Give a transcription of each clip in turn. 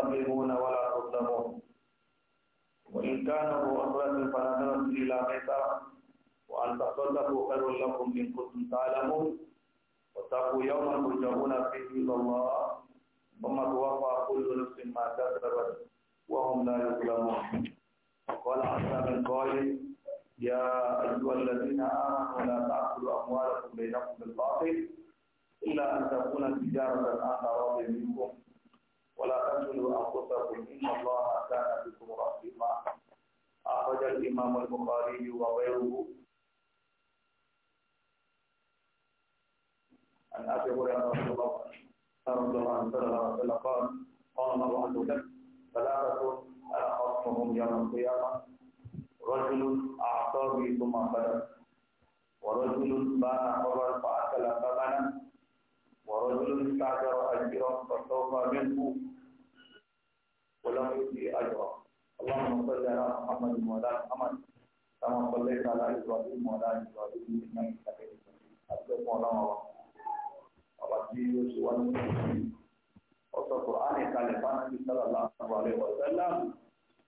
تستظلمون ولا تظلمون وإن كان كانوا رؤساء فنظرة إلى ميسرة وأن تصدقوا خير لكم إن كنتم تعلمون واتقوا يوما ترجعون فيه إلى الله ثم توفى كل نفس ما كسبت وهم لا يظلمون وقال عسى من قائل يا أيها الذين آمنوا لا تأكلوا أموالكم بينكم بالباطل إلا أن تكون تجارة عن منكم ولا تقتلوا أنفسكم إن الله كان بكم رحيما أخرج الإمام البخاري وغيره عن أبي هريرة رضي الله عنه قال قال الله عز وجل ثلاثة أخصهم يوم القيامة رجل أعطى ثم بلغ ورجل باع خبر فأكل ثمنا ورجل استعجر أجرا فسوف منه ولم يؤتي أجرا اللهم صل على محمد وعلى محمد كما صليت على إبراهيم وعلى إبراهيم إنك حميد مجيد أبدا مولانا وبعدي يوسف ọsọ kùránì kalẹ̀ fánàbí sálàlá àwàlẹ̀ ọ̀sẹ́lá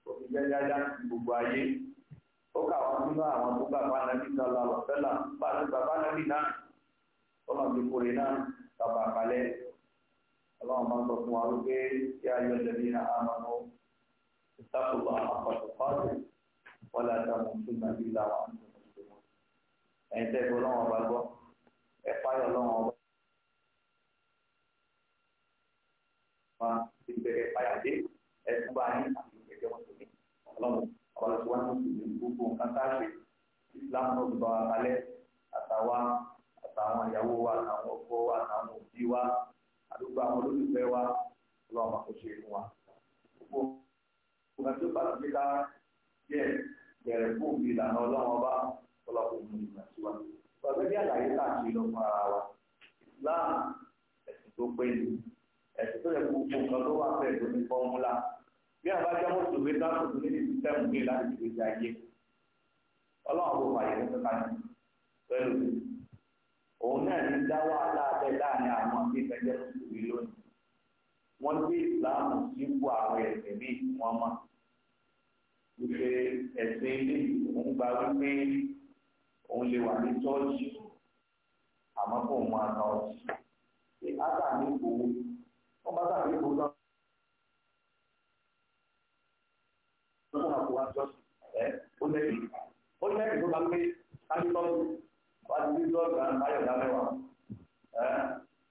òfin jẹ́jájá ti gbogbo ayé ó kà wọ́n nínú àwọn tó gbà fánàbí sálàlá ọ̀sẹ́lá bá ti gbà fánàbí náà ọlọ́mọdé kórè náà sábà kalẹ̀ ọlọ́run máa ń sọ fún wa wípé kí a yọ lẹ́bí ní àmọ́ ìtàkùnlá àpàtàkọ́tù wọ́n láti àwọn tó nà bí làwọn àti ìṣòro ẹ̀yin tẹ́ gbọ́ lọ́wọ́ ọba gbọ́ ẹ fáyọ̀ lọ́wọ́ ọba wa ti bẹ̀rẹ̀ fáyà dé bá yín àti ìgbẹ́jọ́ wọn tó ní ọlọ́run ọba lọ́sọ̀wọ́n ní gbogbo nǹkan tá a ṣe islam náà ti bá wa kalẹ̀ àtàwọn àtàwọn ìyàwó wa àtàwọn ọkọ wa àtàwọn òbí wa àdúgbò àwọn olólùfẹ́ wa ọlọ́run àkóso ìlú wa. gbogbo ọ̀gá tó bá ti ká díẹ̀ bẹ̀rẹ̀ fún mi ìlànà ọlọ́run ọba ọlọ́run òun ìgbà sí wa. ọ̀gbẹ́ bí àlàyé káàkiri lọ fún ara wa islam ẹ̀sìn tó pé ni ẹ̀sìn tó yẹ kó gbogbo nǹkan tó wà fẹ́ẹ̀ tó ní fọ́múlà bí àbájá mọ́tò gbé dáàbò tó ní sísẹ́mù ní láti gbèjà ayé ọlọ́run kò fàyè òun náà ní dá wàhálà abẹ láàrin àwọn tí ìfẹjẹ mùsùlùmí lónìí wọ́n gbé ìsìláàmù àwọn bíi wọn mọ wípé ẹ̀sìn ilé òun gba wípé òun lè wà ní ṣọ́ọ̀ṣì àmọ́ kò mọ àná ọtí ṣé átà ní ìgbòho wọ́n bá ní ó lẹ́yìn ó lẹ́yìn tó bá gbé wọ́n ti bí lọ́ọ̀dù náà báyọ̀ dámẹ́wàá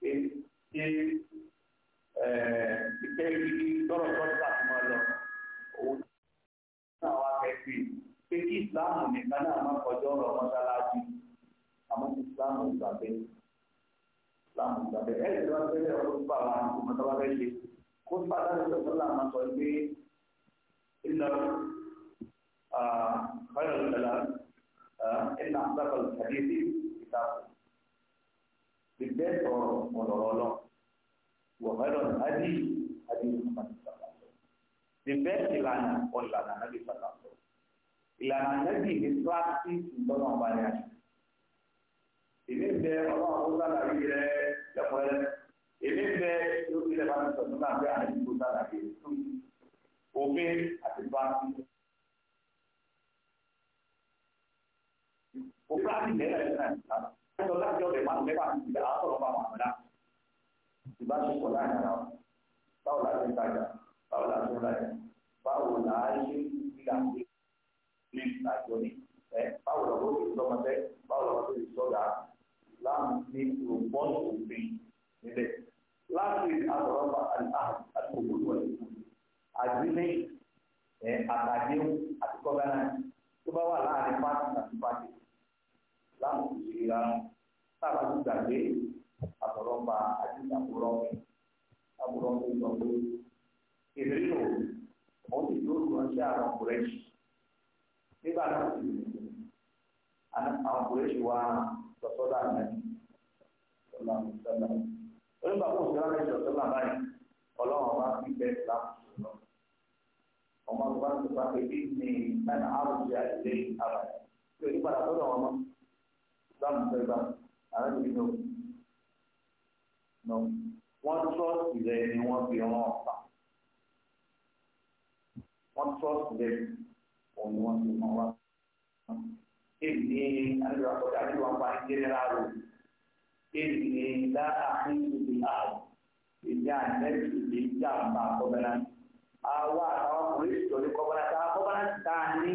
ṣe ìfẹ́ lọ́rọ̀ sọ́dọ̀ àti máa lọ òun náà wá kẹ́kẹ́ pé kí ìsìláàmù nìkan náà má kọjọ́ ọ̀rọ̀ mọ́ṣáláṣí àmọ́ kí ìsìláàmù ìgbà bẹ́ẹ̀ ìsìláàmù ìgbà bẹ́ẹ̀ ẹ̀ ìjọba bẹ́ẹ̀ ọ̀rọ̀ tó bá wà ní ọmọ tó bá fẹ́ ṣe kó pàtàkì lọ́sọ̀ làmà sọ pé ìlọ ọ̀rọ̀ ìlọ إن أصدق الحديث كتاب بالبيت ونرولون وخير الهدي هدي محمد صلى الله عليه وسلم بالبيت إلانا وإلانا نبي صلى الله عليه وسلم إلانا نبي إسرائيل سنتون وبانيان إذن بي الله أولا نبي يقول إذن بي يقول لبنى صلى الله عليه وسلم òfin àti báńkì o fúlàní lẹ́yìn ẹ̀rọ náà nípa ẹ̀sọ́ láti ọ̀dẹ̀ máa ń lẹ́bà ní ìgbà àtọ̀rọ̀ bá wọn àdá ìbáṣepọ̀ láàrin ara báwo la ṣe ń tajà báwo la ṣe ń rajà báwo la ṣe ń fi àṣẹ ní ìtajà ní ẹ báwo la bóyá ìsọmọtẹ báwo la bóyá ìsọdà láàmú ní òpónú òfin níbẹ̀ láti àtọ̀rọ̀ bá àti òwúrọ̀ wọlé àgbélé àtàdéhùn àti kọ́gánà tó bá wà lá ìlera táwọn ti gbàgbé àtọ̀rọ̀mba àti àbúrọ̀ àbúrọ̀ tó sọ pé ìrírí o òun ti tó ránṣẹ́ àwọn kùrẹ́ṣì nígbà náà sì àwọn kùrẹ́ṣì wa lọ́sọ́dọ̀ àná sọ́lá sọ́lá onígbà kó sọ́lá rẹ̀ sọ sọ́lá báyìí ọlọ́run ọba fi bẹ́ẹ̀ láàmú lọ ọmọ tó bá tó bá pé bí ní ẹnà àrùn ṣe àìlè àbàyè tí onígbà tó dọ̀ wọn mọ́ islam fẹ́ gbà àwọn ènìyàn náà nọ wọ́n trọ́ọ̀sì rẹ ni wọ́n fi rán ọ̀pá wọ́n trọ́ọ̀sì rẹ òun ni wọ́n fi rán wá. èmi àti àkọ́jà tí wọ́n pa ìdílé rárá o èmi lára fún ìdílé àrùn èmi àtẹ́sí ìdílé jàǹbá àkọ́bẹ̀rẹ̀ àwa àtàwọn ọkùnrin ìjọ ní kọ́bẹ̀rẹ̀ tá a kọ́bẹ̀rẹ̀ ní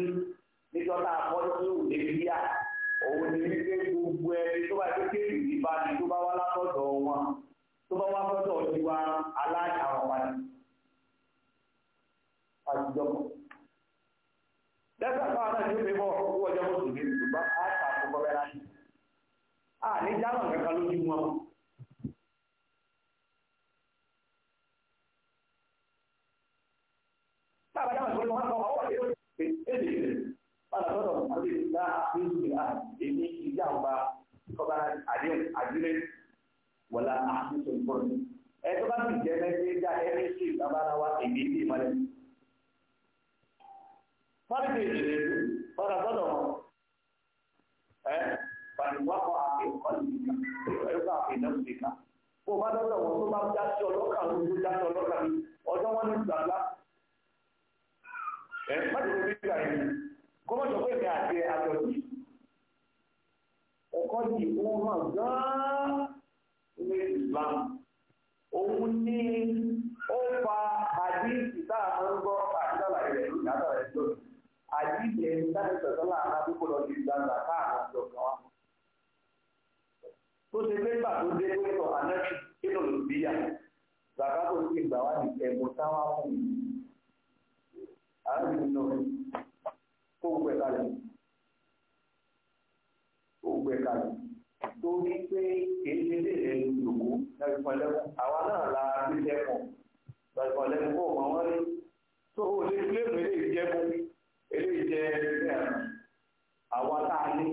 níjọ́ tá a kọ́ òun ni wípé gbogbo ẹni tó bá ti kéde ìbá tó bá wá látọ̀dọ̀ wọn tó bá wá gbọ́dọ̀ tiwa wá aláàjà dẹ́sẹ̀ fáwọn náà yóò fi bọ̀ owó ọjọ́ a ní kankan wọn. lọ́dọ̀ mọ̀lẹ́ ìgbà àfihàn àà èmi ìjàmbá kọ́ba àdéhùn àdílé wọ̀lá àfihàn ìfọ̀rọ̀ ẹ tó bá sì jẹ́ mẹ́sẹ̀ já ẹni sí ìgbàbárawa èmi ìdí ìmọ̀lẹ́. fọ́nìtì ìdílé fọ́nà sọ́dọ̀ wọn ẹ fàníwákọ̀ àfihàn ìkọ̀lù ìkà bó bá dọ́dọ̀ wọn tó bá já sí ọlọ́kà ló ló já sí ọlọ́kà mi ọjọ́ wọn ní ìgbàgbá ẹ má kọ́mọ̀jọ̀ pé ìfẹ́ àti àjọ̀dí ẹ̀kọ́ di ohun hàn gan-an ní Islam òun ní ó fa àdíìsì tá a máa ń gbọ́ àdídàlà rẹ̀ lónìí àdàlà rẹ̀ lónìí àdíìsì ẹni dáhùn sọ̀tọ́ láàrin àdúgbò lọ sí ìgbàgbà káàkiri àjọ kan wá. tó ṣe pé gbà tó dé tó sọ anẹ́tì nínú olùbíyà gbàgbà tó ti gbà wá ní ẹ̀bùn táwọn fún mi. àárín náà kó gbẹ kalẹ̀ kó gbẹ kalẹ̀ torí pé kìí ṣe léèrè lòlòkó lẹ́gbẹ̀kan lẹ́kùn àwa náà la ṣiṣẹ́ kan lẹ́gbẹ̀kan lẹ́kùn kó mọ wọ́n rí tó o lè fi léèrè eléyìí jẹ́ fún eléyìí jẹ́ ẹgbẹ́ àwa tá a ní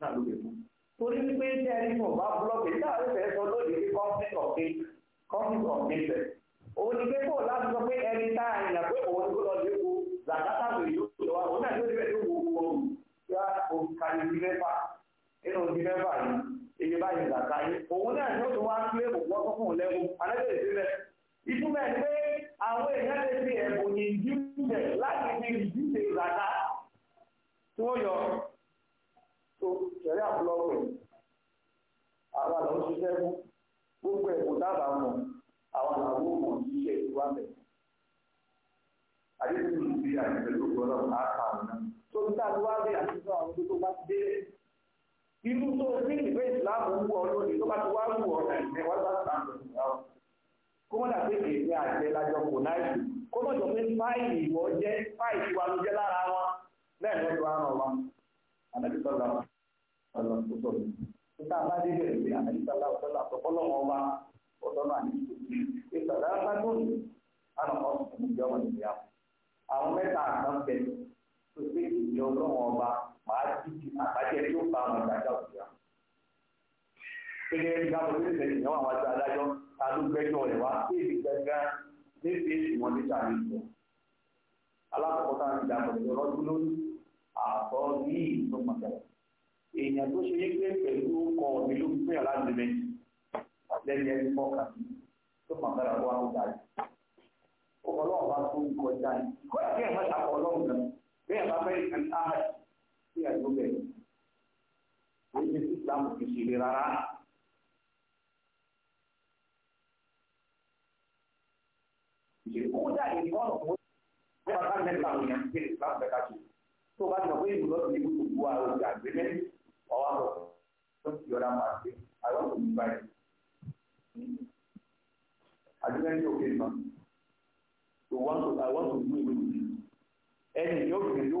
náà ló lè fún torí wípé tí ẹni mọ̀ búlọ́ọ̀kì táàrí fẹ́ sọ lónìí pé conflict of interest conflict of òun ni pé kó láti sọ pé ẹni tá a yàn pé òun kó lọ sí ti fẹ́ bà yìí èyí báyìí gbàgbá yìí òun náà ni ó ti wá sílé òwò tó fún lẹ́wọ́ alẹ́bẹ̀rẹ̀ sílẹ̀ ìtumọ̀ ẹ̀ pé àwọn èèyàn lè fi ẹ̀bùn yìí jíjẹ láti fi ìdíje gbàgbá tí wọ́n yọ tó ṣẹ̀rí àbúlọ́pẹ̀ àwa ló ń ṣiṣẹ́ fún gbogbo ẹ̀bùn dábàá mọ̀ àwọn àwọn ọmọ ṣiṣẹ́ ìwà mẹ́ àdéhùn ìdíje àti pẹ̀lú ọ̀rọ̀ àkàwọn náà tó ń tàbí wá bí àtúntò àwọn tó bá dé irú tó ní ìfẹ́ ìsìláàmù ń wọ lónìí tó bá ti wá wù ọ nàìjíríà wá bá sàmù ìsìláàmù kó mọ̀ dàbí èmi àjẹ lájọ kò náà jù kó mọ̀ jọ pé fáìlì ìwọ jẹ́ fáìlì wa ló jẹ́ lára wọn bẹ́ẹ̀ ló tó àrùn wa ànàbí sọ́la ọ̀nà tó sọ̀rọ̀ nígbà bá dé bẹ̀rẹ̀ pé ànàbí sọ́la ọ̀sọ́la ọ̀pọ̀lọ́ wọn wa ọ̀sọ́la àní ìsọ̀lá sátóòlù màá dìde àbájẹ tí ó fa àwọn ìdájọ́ òṣìṣẹ́ gẹ́gẹ́ bí káwọn tó tẹ̀lé ìyàwó àwọn àti adájọ́ ta ló gbẹ́jọ́ rẹ̀ wá sí èdè gbẹ̀ngàn ní fèsì wọn ní sàlẹ̀ alákọ̀ọ́kọ́ táwọn ìdàgbọ̀ ìrọ́dún lórí àtọ́ ní ìtọ́ pàtàkì èèyàn tó ṣe yípe pẹ̀lú ọkọ̀ mi ló pín aláàbò méjì lẹ́yìn ẹni fọ́ọ̀kà tó pàtàkì àwọn àwọn ọ̀dájú ọkọ̀ ọlọ́run bá tó ń kọjá yìí kó ẹ̀kẹ́ ìmọ̀ ìṣàkọ̀ ọlọ́run náà bẹ́ẹ̀ bá fẹ́ ìkànnì sí àjọ bẹ́ẹ̀ wọ́n ti sí ìlànà kì í ṣeré rárá. kódà ìkọ́nù mú bẹ́ẹ̀ bá mẹ́ta àwọn èèyàn gbé ìsìlámù bẹ́ẹ̀ káṣí tó bá ti mọ̀ pé ìlú lọ́sùn ní gbogbo wa ò ti àgbé mẹ́rin ọwọ́ àbọ̀ tó ti yọ̀dá máa gbé àwọn kò ní báyìí. àdúgbẹ́ni òkè mọ́ to want to i want to you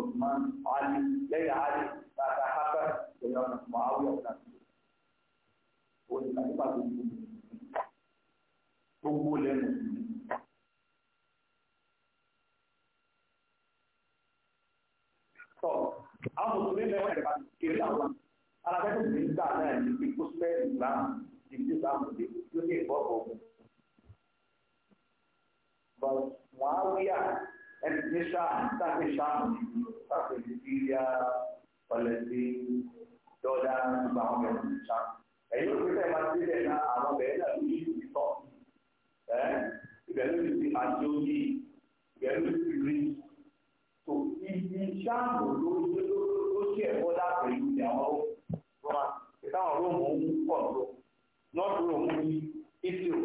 Osman Ali lẹ́yìn Ali bàtà Hafa lẹ́yìn ọ̀nà Muawiya ọ̀nà tó o ní ká nípa tó gbogbo gbogbo lẹ́nu. Tọ́ àwọn mùsùlùmí lẹ́wọ̀n ẹ̀ka kiri àwọn alábẹ́tò mi ń gbà náà ní pípọ́ sílẹ̀ ìgbàlá ìdílé ìgbàmùdé ló ní ìbọ̀ ọ̀gbọ̀n. But Muawiya ẹni ní sáà sáàpì sáàpì sáàpì nàìjíríà Palestine dọ́dá nígbà àwọn ọmọ ẹ̀sìn sáà ẹ̀yìn di àjọyí ibẹ̀ ló ti rí tó ibi sáàpù ló ló sí ẹ̀kọ́ dàpọ̀ ìlú ní àwọn rọ́mà ìtàwọn róòmù ń pọ̀ tó north rome ní Israel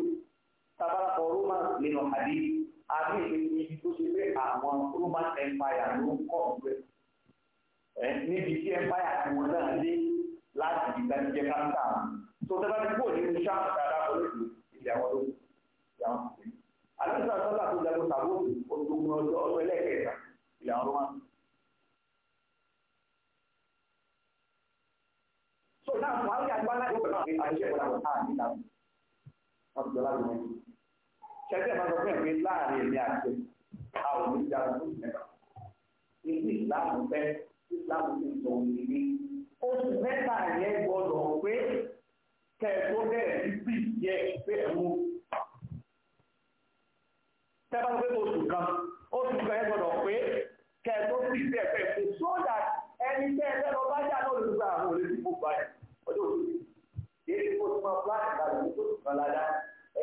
tabalapọ̀ roma nínú hadith àbí ibi tó ṣe pé àwọn Roman Empire ló ń kọ́ ọ̀gbẹ́ níbi tí empire tí wọ́n náà dé láti ìgbà tí jẹ́ káńtà tó tẹ́lá ti kúrò nínú sáà dáadáa pẹ̀lú ìdílé àwọn olóògùn ìdílé àwọn olóògùn àlùfáà sọ́là tó jagun tàbí ológun ọjọ́ ọjọ́ ẹlẹ́kẹ̀ẹ́ta ìlà ọ̀rọ̀ wọn. so náà wàá rí agbára ìgbà náà àti ìṣẹ̀lẹ̀ àwọn àmì náà wọ́n ti jọ láti wọ́n kẹsẹ̀ máa sọ fún ẹ̀mí láàrin èmi àti àwọn oníjà tó ti mẹ́ta ìdí ìsìláàmù fẹ́ ìsìláàmù ti sọ òní ní oṣù mẹ́ta yẹn gbọ́dọ̀ pé kẹ̀tọ́ bẹ̀rẹ̀ sí bí yẹ pé ẹ̀mú tẹ́bá pé oṣù kan oṣù kan yẹn gbọ́dọ̀ pé kẹ̀tọ́ sí bí ẹ̀ pé kò só dà ẹni tẹ́ ẹ lọ́wọ́ bá jà lọ́wọ́ lórí àwọn olè tí kò bá ọjọ́ òṣù yìí èyí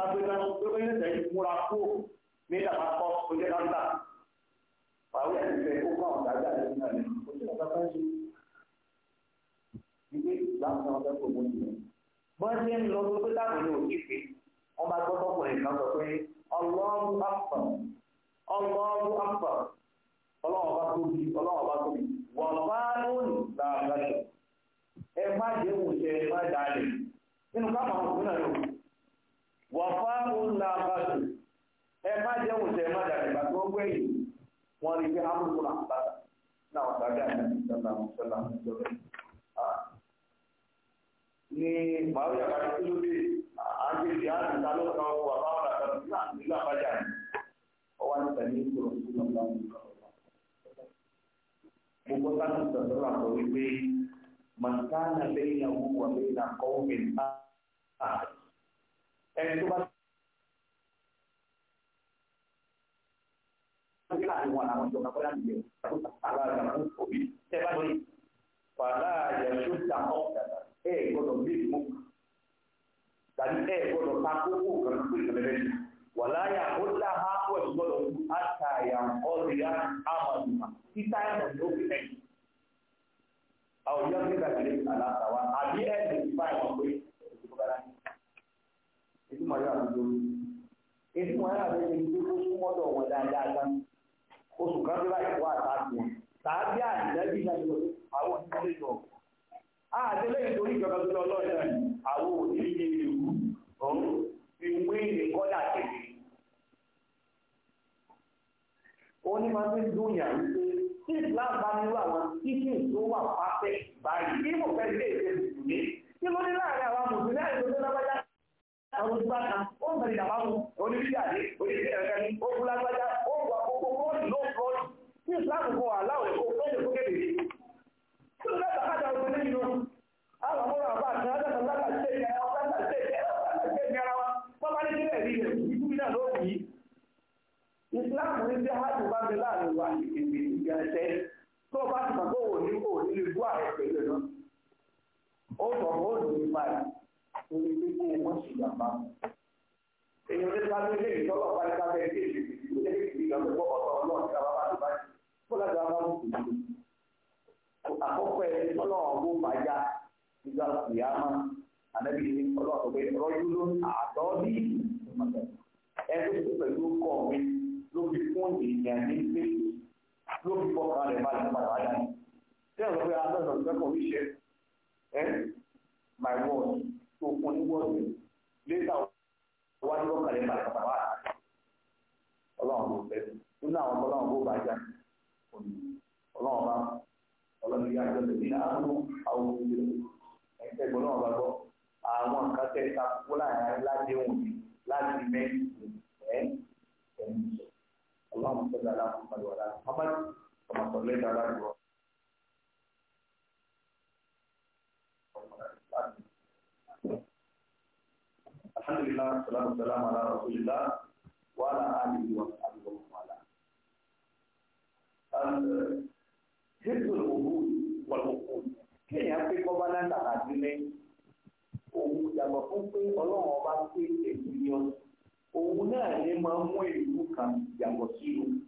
bá gbé tán tó bẹ́ẹ̀ ní sẹ́yìn múra kú ní ìdàgbà kọ́ tó jẹ́ nọ́ńdà. Fàáwé àti ìfẹ́ ó kọ́ àwọn ìdájọ́ àti ìfẹ́ rẹ̀ kò sí ọ̀gá kan ṣe. Ìgbé ìgbàmù náà fẹ́ kò mú ìyẹn. Bọ́n ṣe ń lọ gbogbo táwọn ní òkè pé wọ́n bá gbọ́ tọkùnrin kan sọ pé Allahu Akbar Allahu Akbar ọlọ́wọ́n bá tóbi ọlọ́wọ́n bá tóbi wọ́n bá lónìí wà fáwọn ńlá bàtù ẹ má jẹ́ òṣè má dàbí bàtù ó gbé yìí wọ́n rí pé amúkú náà bàtà náà wọ́n tàbí àti ìṣẹ̀lá ìṣẹ̀lá ìṣẹ̀lá ní màá yàrá tí ló dé àgbègbè àti ìta ló kàn wà fáwọn àtàkùn náà nílò àbájá ọwọ́ àti tẹ̀lé ìṣòro ìṣòro ìṣòro gbogbo sáàtì sọ̀rọ̀ àpò wípé màkánà lẹ́yìn àwọn wà lẹ́yìn àkọ́wé náà ẹni tó bá ti láàrin wọn àwọn ìjọba kọ́lá nìyẹn alára àwọn òbí tẹ bá lórí fàlà àyẹ̀ṣó ta ọ́ ẹ gbọ́dọ̀ bí ìmú tàbí ẹ gbọ́dọ̀ ta kókó kan tó ìtẹ̀lẹ́lẹ́ yìí wà láyà ó dá ha pọ̀ ẹ̀ gbọ́dọ̀ ju àtàyà ọ̀rẹ́ àmàlùmá títà ẹ̀mọ̀ ní ó fi lẹ́yìn. àwọn ìyá ń gbé gàdúrà àbí ẹ̀ lè fi bá ẹ̀wọ̀n pé ìtumọ̀ yóò àdúgbò ìtumọ̀ yóò àdúgbò ìdílé tó súnmọ́ dọ̀ wọn dáadáa gan oṣù kan tó láì wá àtàkùn wọn tàbí àdìdájú ìdájọ́ àwọn ìdílé jọ àdìlẹ́ ìtorí ìjọba tó lọ lọ́ọ̀dà àwọn òdílé ìlú ọ̀hún ìwé ìkọ́dà tẹ̀lé ó ní máa ń dún yà wípé tí islam bá nínú àwọn títí tó wà pàṣẹ báyìí kí mo fẹ́ lé èdè mùsùlùmí kí ló ní láàrin àwọn mùsùlùmí àìsàn tó lábájá àwọn ojú bàtà ó ń bẹ̀rẹ̀ ìjàmbá mu oníbíyàdé oníbíyàdé ẹ̀ka ni ó kú lágbájá ó wà kókó bọ́ọ̀lù ló fọ́ọ̀lù ní ìsìláàmù kan wà láwẹ̀ kó fẹ́ẹ̀ kó kéde kí ló dáta kájà ojú lẹ́yìn lọ àwọn ọmọ àbá àti adáta láta ṣe ìyára wọn láta ṣe ìyára wọn láta ṣe ìyára wọn wọn bá ní sílẹ̀ rí rẹ̀ ìdú iná ló kì í ìsìláàmù ní bí hajj bá bẹ láàrin wa ìgbègbè ìgbà ẹ̀ṣẹ́ tó o bá ti mọ̀ pé òun ní kò ní lè bú ààrẹ pẹ̀lú ẹ̀ náà ó sọ̀rọ̀ ó lù ú báyìí orí pé kó wọ́n sì yàgbá. èyí ló dá lórí lẹ́yìn tọ́lọ̀ parí ká bẹ́ẹ̀ dé ìṣèlú ìlú lẹ́yìn ìlú ìlú ọ̀pọ̀ ọ̀tọ̀ ọlọ́run tí a bá bá ti báyìí kó láti wá bá wù kù. àkọ́kọ́ ẹ̀ tọ́lọ̀ ọ̀gbọ́n bá yá nígbà ìyáma ànábì ní ọlọ́run pé rọ́jú ló àtọ́ bí ẹ tó ti pẹ̀lú kọ̀ mi ló fi fún èèyàn ní pé ló fi fọkàn rẹ̀ balẹ̀ padà wáyà. Tẹ́lẹ̀ ló fẹ́ tó kún ní wọ́ọ̀dù lẹ́tà wájú ọ̀kàlẹ̀ bàtà wà ọlọ́run ló fẹ́ nínú àwọn ọlọ́run bó bá já ọlọ́run bá ọlọ́run yá jọ lè ní àánú àwọn òṣèlú ẹ̀ńtẹ́ ìgbọ́n náà bá gbọ́ àwọn nǹkan tẹ́ ta kó láàrin láti òun láti mẹ́rin ẹ̀ ẹ̀ ń fún ọmọdé wàdà ọmọdé ọmọdé lẹ́tà láti wọ́n. Alhamdulillah, salam salam ala Rasulillah, wa ala alihi wa sahbihi wa ala. Uh, Hizbul Ubud wal Uqud, kí ni a fi kọ́ bá náà tàbí àdílé? Òun yàgbọ́ fún pé Ọlọ́run ọba pé èyí yọ. Òun náà ní máa mú ìlú kan yàgbọ́ sí ìlú.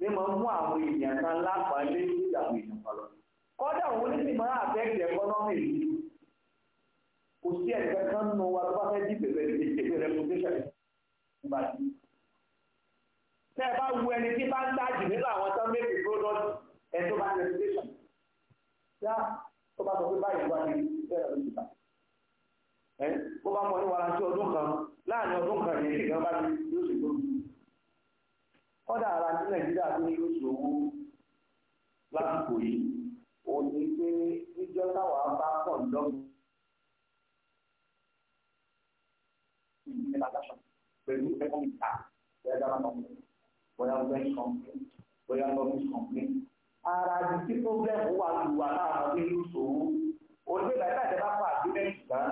Ní máa mú àwọn èèyàn kan lápàá lé ìyàwó èèyàn kan kò sí ẹ̀ka kan nù wa tó bá fẹ́ dìbò rẹ̀ ètò reputation nígbà tí. tẹ́ ẹ bá wu ẹni tí bá ń dájì nínú àwọn tó ń mẹ́kì product ẹ̀ tó bá reputation. yá tó bá sọ pé báyìí wá ní ìṣẹ́ ẹ̀rọ ìgbà. ẹ bó bá mọ ní wàrà sí ọdún kan láàrin ọdún kan yẹn kí ìjọba ní yóò sì gbóòrò. kọ́dà ara ní nàìjíríà tó ní yóò sì owó lásìkò yìí òní pé níjọ́ táwọn bá pọ̀ lọ́gbọ̀n implementation pẹ̀lú economic tax bóyá government complain bóyá government a bóyá government complain. ara ibi tí problem wà lù wà láwọn ọdún yìí sòwò onígbà ìgbà ìjọba fún agreement gan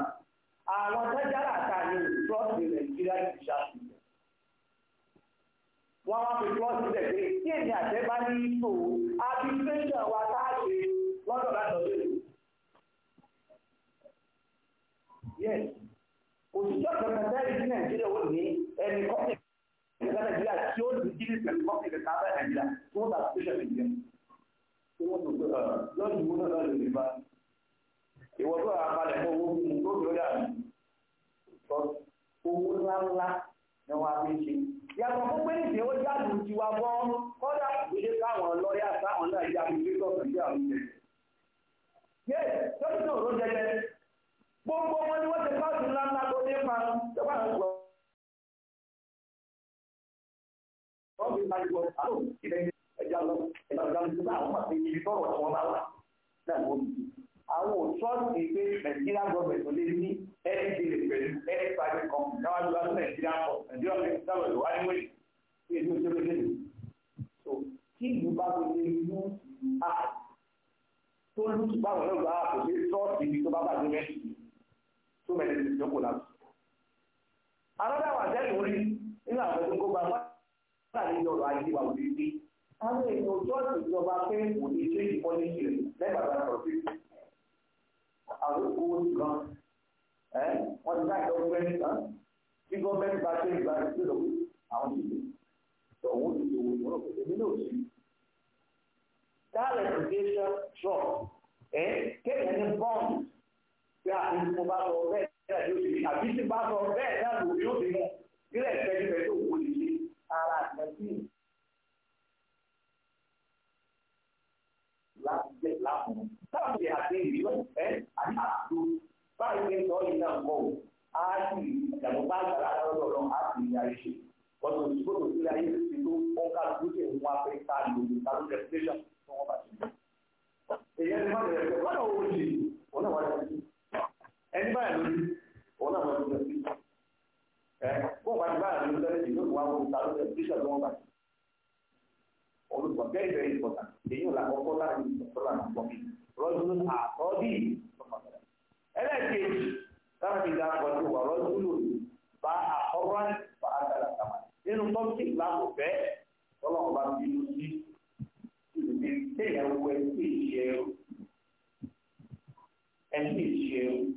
àwọn tẹ́jára àtàlẹ́ òtúrọ́ sí nàìjíríà ìṣà sílẹ̀ wọ́n wá fi trọ́ sílẹ̀ pé kí èmi àtẹ́bá ní ìṣò arbitration wa táàṣe lọ́dọ̀ látọ̀dọ̀ yìí òṣìṣẹ́ kankan sẹ́yìn sí nàìjíríà ó ní ẹni kọ́pì nígbà nàìjíríà tí ó di jírí pẹ̀lú kọ́pì kẹta bẹ́ẹ̀ nàìjíríà tí wọ́n bá ṣiṣẹ́ nàìjíríà tí wọ́n tó lọ́ọ̀dì mú náà lọ́ọ̀dì rẹ̀ bá ìwọ tó ra balẹ̀ mọ́ owó fún un tó dúró dàbí owó ńláńlá ni wọ́n á fi ṣe yàtọ̀ fún pé nìṣẹ́ ó jáde ti wa bọ́ kọ́dà ìdílé káwọn lọ́ọ̀yà táwọn náà yà gbogbo wọn ni wọ́n ti pàṣẹ ńláńlá tó dé pa ṣẹ́wà àgbọ̀. wọ́n fi láti wọ àlọ́ ilẹ̀ ẹja lọ ẹja lọ sí àwọn àti ibi tọrọ tí wọ́n bá wà náà wọ́n ti. àwọn òṣọ́ọ̀tì pé nàìjíríà gọ́ọ̀mẹ̀ntì ò lè ní ẹni ti lè pẹ̀lú ẹni pàdé kan náwó ló bá ní nàìjíríà pọ̀ nàìjíríà pẹ̀lú sáwọn ìlú wáníwèé tí èdè òṣèlú lè lò. kí ìlú bá ti lè mú àà tó lùtù báwọn náà gbà àpò sí ṣọ́ọ̀tì ibi tó bá bàjẹ́ mẹ́sì tó mẹ́rin ti jókòó láti. Anọ́dá wà jẹ́ ìwúrí nínú àwọn ẹgbẹ́ gbogbo àwọn láàrin ọ̀rọ̀ ayé wa òbí pé àwọn èèyàn ojú ọ̀sẹ̀ ìjọba pé kò ní ṣe ìpọ́nìṣì rẹ̀ lẹ́gbàá bá sọ̀rọ̀ sí. Àwọn owó nìkan ẹ́ wọ́n ti dájọ́ gọ́ọ̀mẹ́ntì kan tí gọ́ọ̀mẹ́ntì bá ṣe ìgbà ìgbà ìlú àwọn ìlú ọ̀hún That reputation trust ẹ̀ kéèyàn ní bọ́ọ̀mù pé àti mo bá sọ bẹ́ẹ̀ náà yóò ṣe àbí tí bá sọ bẹ́ẹ̀ náà lò yóò ṣe mọ́ nílẹ̀ ìfẹ́jìfẹ́ tó wò lè ṣe ara àtẹ̀sí láti jẹ́ láàmú. Táwọn ìyá àti ìlú ẹ̀ àti àdó báyìí ní sọ yìí náà kọ́ á sì ìyàwó bá gbàrà lọ́dọ̀ lọ á sì ìyá ìṣe. Wọ́n tó ti gbọ́dọ̀ sí ayé ti tó wọ́n ká lókè wọn ká lòdì tàbí reputation tí wọ́n bá ti lò. lè rẹ̀ pẹ̀lú ọ̀nà òun yìí, ọ̀nà wà lẹ́yìn ẹni báyà lórí òun náà wọ́n ti lọ sí ẹ bó wà ní báyà lórí lẹ́yìn ìlú wa wọ́n ta lórí ẹ̀díṣẹ́ tó wọ́n bá olùkọ́ very very important èyí ò làkọ́kọ́ láàrin ìtọ́jú àkọ́kọ́ mi rọ́dún àtọ́dí ẹlẹ́ẹ̀kejì táwọn ìdá àkọ́jú wà rọ́dún lòdì bá àkọ́rọ́ bá àgbàlá kàmá nínú tọ́kì láàbò fẹ́ tọ́lọ́kọ̀ bá fi inú sí ìdílé kéèyàn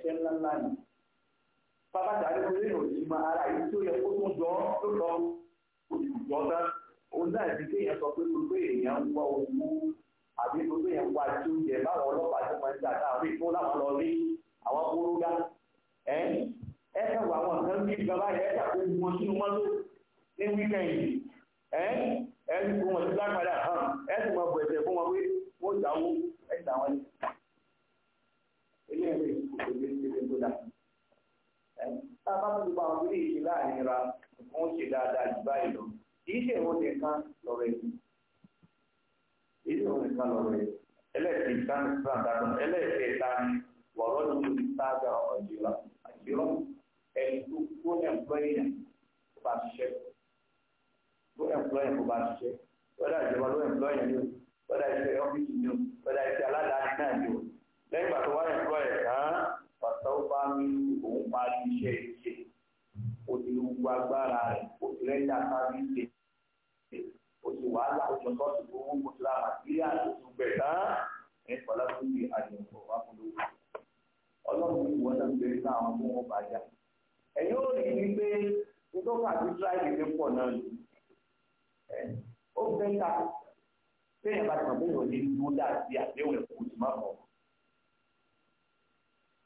ẹ̀ṣẹ̀ ńláńlá ni bàbá tàbí orí ìrìn òjì máa ara èyí tí ó yẹ kó tún jọ tó lọ ojú jọ tán òun náà ti kéèyàn sọ pé gbogbo èèyàn ń wá owó àbí gbogbo èèyàn ń wá tí ó jẹ báwọn ọlọ́pàá tó máa ń jà náà rí fún láwọn lọ rí àwọn kórógá ẹ ẹ kẹwàá àwọn nǹkan bí bàbá yẹn ẹ kàkó wọn sínú mọ́tò ní wíkẹ́ǹdì ẹ ẹ ti kó wọn sí lágbàdà gbogbo àwọn ilé ìṣe láàrin ra wọ́n ṣe dáadáa jù báyìí lọ kì í ṣe ìwọ́n nìkan lọ́rọ̀ ẹ̀ kì í ṣe ìwọ́n nìkan lọ́rọ̀ ẹ̀ ẹlẹ́ẹ̀kì ìtàn ìtàn ìtàn ẹlẹ́ẹ̀kì ìtàn wọ̀rọ̀ ní orí sáájà ọ̀jìrọ̀ àjírọ̀ ẹni tó kó ẹ̀mplọ́yìn kó bá ṣiṣẹ́ kó ẹ̀mplọ́yìn kó bá ṣiṣẹ́ wọ́dà ìjọba ló ẹ̀mplọ́yìn ni o wọ́dà iṣẹ́ ọ́fíìsì ni o wọ́dà iṣẹ́ aládàáni náà ni o lẹ́yìn ìgbà tó wá ẹ̀mplọ́yìn kan pàtó bá ní òun parí iṣẹ́ ó ti gbogbo agbára rẹ̀ ó ti rẹ́jà sábìsì ó ti wàhálà ó ti ọ̀tọ̀ ti gbogbo ó ti ra màtíríà tó tún bẹ̀ tán ẹ̀ fọlá tó di àyẹ̀wò wà fún lówó. ọlọ́run ti wọ́n náà bẹ̀rẹ̀ náà àwọn fún ọba àjà. ẹ̀yin ó rí i pé nítorí àti tíráìlì ti pọ̀ náà ni ó bẹ́ẹ̀ ta bẹ́ẹ̀ bá ti mọ̀ bẹ́ẹ̀ yóò dà sí àdéhùn ẹ̀kọ́ òṣùmọ̀ kan.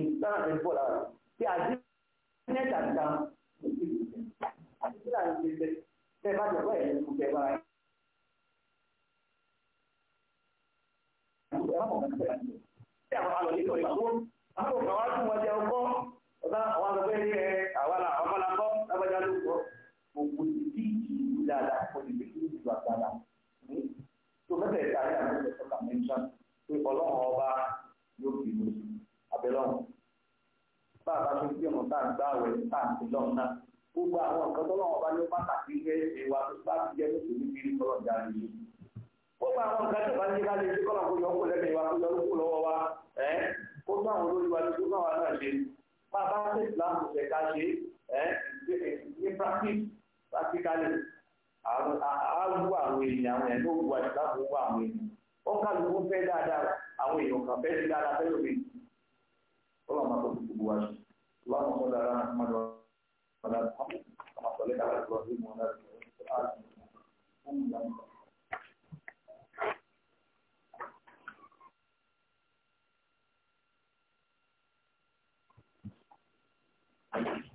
ìtàn àti bọ́ọ̀lù àwọn tí pàtàkì ilé ẹ̀sìn wa tó bá ti jẹ́ mùsùlùmí bí kọ́lọ̀ já ní yìí. ó gba àwọn nǹkan tó bá ní ká lè ṣe kọ́lọ̀ kó yọ kó lẹ́nu wa kó yọ lóko lọ́wọ́ wa ẹ́ kó tó àwọn olórí wa ní kó náà wà náà ṣe. bá a bá ń tẹ̀sí láàmú ṣe ká ṣe ẹ́ ní practice practically àwọn àwọn àwọn èèyàn àwọn ẹ̀mí òwú àti láàmú wọ àwọn èèyàn. ó ká ló fẹ́ dáadáa àwọn èèyàn kan fẹ́ sí dáadáa fẹ́ lómi. ó lọ́ máa tó gbogbo wa ṣe. اللهم صل على محمد وعلى محمد كما صليت على إبراهيم وعلى آل إبراهيم Thank you.